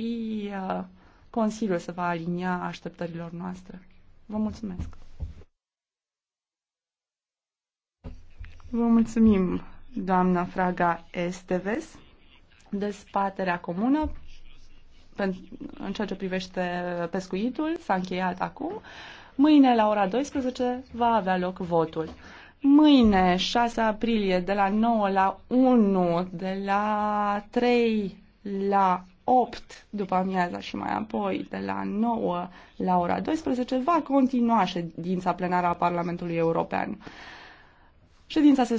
și uh, Consiliul se va alinia așteptărilor noastre. Vă mulțumesc! Vă mulțumim, doamna Fraga Esteves. de spaterea comună în ceea ce privește pescuitul s-a încheiat acum. Mâine la ora 12 va avea loc votul. Mâine, 6 aprilie, de la 9 la 1, de la 3 la 8 după amiaza și mai apoi de la 9 la ora 12 va continua ședința plenară a Parlamentului European. Ședința se